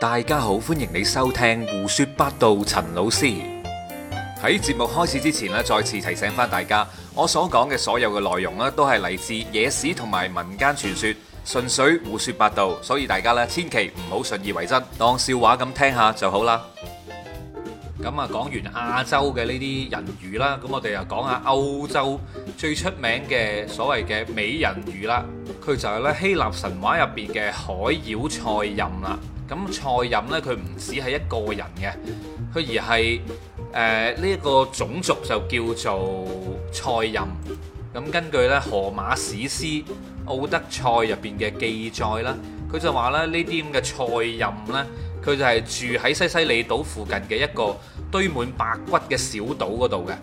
大家好，歡迎你收聽胡說八道。陳老師喺節目開始之前咧，再次提醒翻大家，我所講嘅所有嘅內容咧，都係嚟自野史同埋民間傳說，純粹胡說八道，所以大家咧千祈唔好信以為真，當笑話咁聽下就好啦。咁啊，講完亞洲嘅呢啲人魚啦，咁我哋又講下歐洲。最出名嘅所謂嘅美人魚啦，佢就係咧希臘神話入邊嘅海妖賽任啦。咁賽任呢，佢唔止係一個人嘅，佢而係誒呢一個種族就叫做賽任。咁根據咧荷馬史詩《奧德賽》入邊嘅記載啦，佢就話咧呢啲咁嘅賽任呢，佢就係住喺西西里島附近嘅一個堆滿白骨嘅小島嗰度嘅。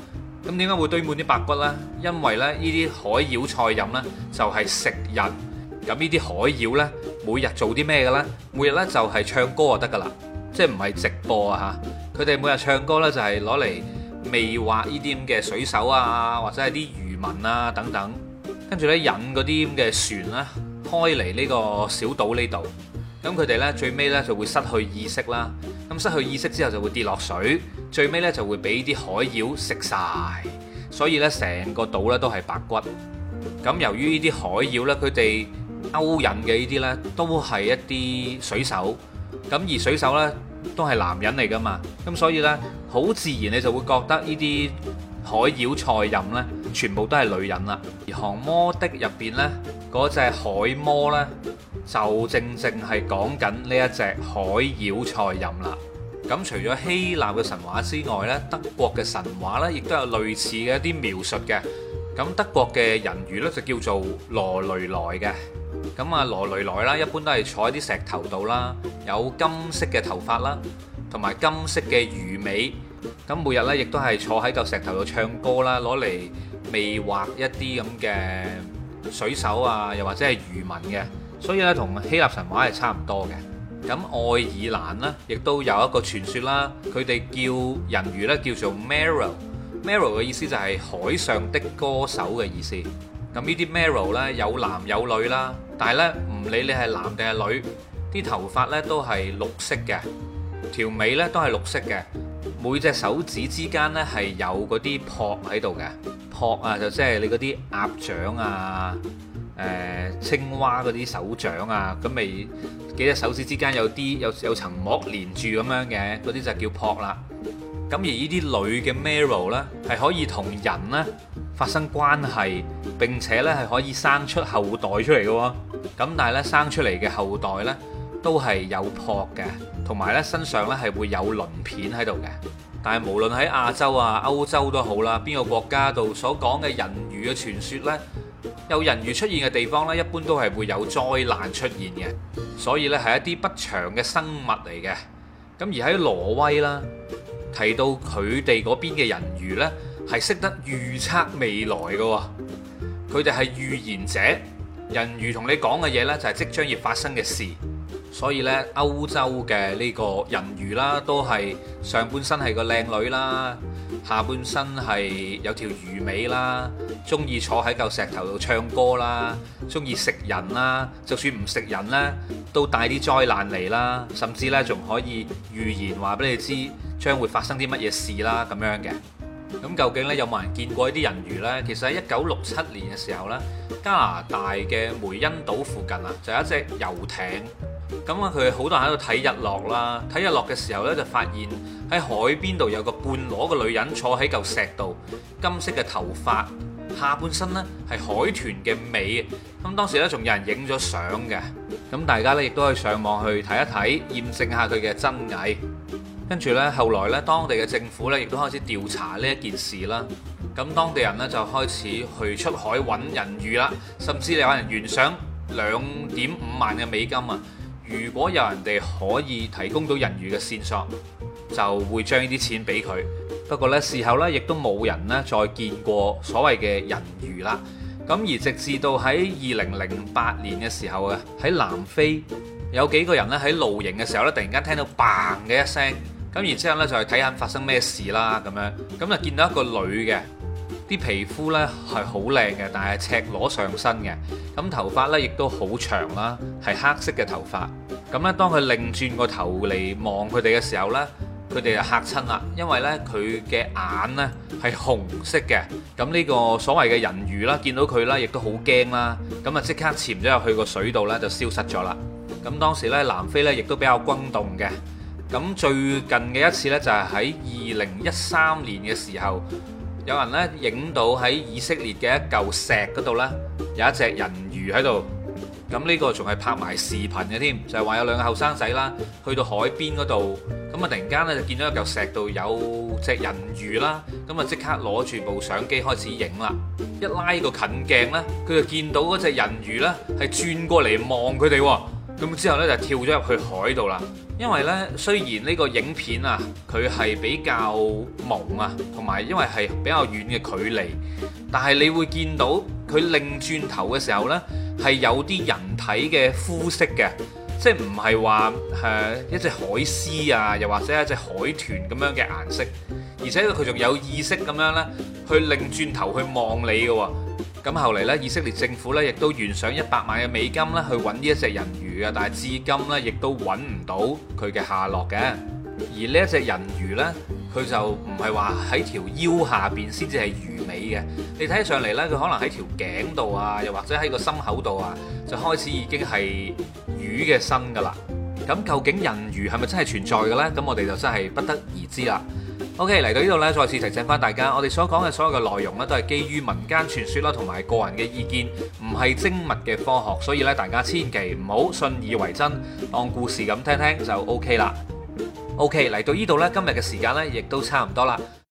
咁點解會堆滿啲白骨呢？因為呢，呢啲海妖菜飲呢，就係食人。咁呢啲海妖呢，每日做啲咩嘅呢？每日呢，就係唱歌就得噶啦，即係唔係直播啊？佢哋每日唱歌呢，就係攞嚟迷惑呢啲咁嘅水手啊，或者係啲漁民啊等等。跟住呢，引嗰啲咁嘅船啦，開嚟呢個小島呢度。咁佢哋呢，最尾呢，就會失去意識啦。失去意識之後就會跌落水，最尾咧就會俾啲海妖食曬，所以咧成個島咧都係白骨。咁由於呢啲海妖咧，佢哋勾引嘅呢啲咧都係一啲水手，咁而水手咧都係男人嚟噶嘛，咁所以咧好自然你就會覺得呢啲海妖塞壬咧全部都係女人啦。而《降魔的》入邊咧嗰隻海魔咧就正正係講緊呢一隻海妖塞壬啦。咁除咗希臘嘅神話之外咧，德國嘅神話咧亦都有類似嘅一啲描述嘅。咁德國嘅人魚咧就叫做羅雷萊嘅。咁啊羅雷萊啦，一般都係坐喺啲石頭度啦，有金色嘅頭髮啦，同埋金色嘅魚尾。咁每日咧亦都係坐喺個石頭度唱歌啦，攞嚟魅惑一啲咁嘅水手啊，又或者係漁民嘅。所以咧，同希臘神話係差唔多嘅。咁愛爾蘭呢，亦都有一個傳說啦。佢哋叫人魚呢叫做 Merry。Merry 嘅意思就係海上的歌手嘅意思。咁呢啲 Merry 呢，有男有女啦。但係呢，唔理你係男定係女，啲頭髮呢都係綠色嘅，條尾呢都係綠色嘅，每隻手指之間呢，係有嗰啲蹼喺度嘅。蹼啊，就即係你嗰啲鴨掌啊。誒、呃、青蛙嗰啲手掌啊，咁咪幾隻手指之間有啲有有層膜連住咁樣嘅，嗰啲就叫蹼啦。咁而呢啲女嘅 marrow 咧，係可以同人呢發生關係，並且呢係可以生出後代出嚟嘅、哦。咁但係呢，生出嚟嘅後代呢，都係有蹼嘅，同埋呢身上呢係會有鱗片喺度嘅。但係無論喺亞洲啊、歐洲都好啦，邊個國家度所講嘅人魚嘅傳說呢。有人魚出現嘅地方呢，一般都係會有災難出現嘅，所以呢，係一啲不祥嘅生物嚟嘅。咁而喺挪威啦，提到佢哋嗰邊嘅人魚呢，係識得預測未來嘅，佢哋係預言者。人魚同你講嘅嘢呢，就係即將要發生嘅事。所以呢，歐洲嘅呢個人魚啦，都係上半身係個靚女啦。下半身係有條魚尾啦，中意坐喺嚿石頭度唱歌啦，中意食人啦，就算唔食人咧，都帶啲災難嚟啦，甚至呢仲可以預言話俾你知將會發生啲乜嘢事啦咁樣嘅。咁究竟呢？有冇人見過一啲人魚呢？其實喺一九六七年嘅時候呢，加拿大嘅梅恩島附近啊，就有、是、一隻遊艇，咁啊佢好多人喺度睇日落啦，睇日落嘅時候呢，就發現，喺海邊度有個半裸嘅女人坐喺嚿石度，金色嘅頭髮，下半身呢係海豚嘅尾。咁當時呢，仲有人影咗相嘅，咁大家呢，亦都可以上網去睇一睇，驗證下佢嘅真偽。跟住呢，後來呢，當地嘅政府呢，亦都開始調查呢一件事啦。咁當地人呢，就開始去出海揾人魚啦，甚至你可能懸賞兩點五萬嘅美金啊。如果有人哋可以提供到人魚嘅線索。就會將呢啲錢俾佢。不過呢，事後呢，亦都冇人呢再見過所謂嘅人魚啦。咁而直至到喺二零零八年嘅時候啊，喺南非有幾個人呢喺露營嘅時候呢，突然間聽到 bang 嘅一聲。咁然之後呢，就去睇下發生咩事啦咁樣。咁就見到一個女嘅，啲皮膚呢係好靚嘅，但係赤裸上身嘅。咁頭髮呢亦都好長啦，係黑色嘅頭髮。咁呢，當佢擰轉個頭嚟望佢哋嘅時候呢。佢哋就嚇親啦，因為咧佢嘅眼咧係紅色嘅，咁呢個所謂嘅人魚啦，見到佢啦，亦都好驚啦，咁啊即刻潛咗入去個水度咧，就消失咗啦。咁當時咧南非咧亦都比較轟動嘅，咁最近嘅一次咧就係喺二零一三年嘅時候，有人咧影到喺以色列嘅一嚿石嗰度咧有一隻人魚喺度。咁呢個仲係拍埋視頻嘅添，就係話有兩個後生仔啦，去到海邊嗰度，咁啊突然間咧就見到一嚿石度有隻人魚啦，咁啊即刻攞住部相機開始影啦，一拉一個近鏡呢，佢就見到嗰隻人魚呢係轉過嚟望佢哋，咁之後呢，就跳咗入去海度啦。因為呢，雖然呢個影片啊佢係比較朦啊，同埋因為係比較遠嘅距離，但係你會見到佢擰轉頭嘅時候呢。係有啲人體嘅膚色嘅，即係唔係話誒一隻海獅啊，又或者一隻海豚咁樣嘅顏色，而且佢仲有意識咁樣咧去擰轉頭去望你嘅喎。咁、啊、後嚟呢，以色列政府呢亦都懸賞一百萬嘅美金咧去揾呢一隻人魚嘅，但係至今呢，亦都揾唔到佢嘅下落嘅。而呢一隻人魚呢。佢就唔係話喺條腰下邊先至係魚尾嘅，你睇上嚟呢，佢可能喺條頸度啊，又或者喺個心口度啊，就開始已經係魚嘅身噶啦。咁究竟人魚係咪真係存在嘅呢？咁我哋就真係不得而知啦。OK，嚟到呢度呢，再次提醒翻大家，我哋所講嘅所有嘅內容呢，都係基於民間傳說啦，同埋個人嘅意見，唔係精密嘅科學，所以咧，大家千祈唔好信以為真，當故事咁聽聽就 OK 啦。O.K. 嚟到呢度咧，今日嘅時間呢，亦都差唔多啦。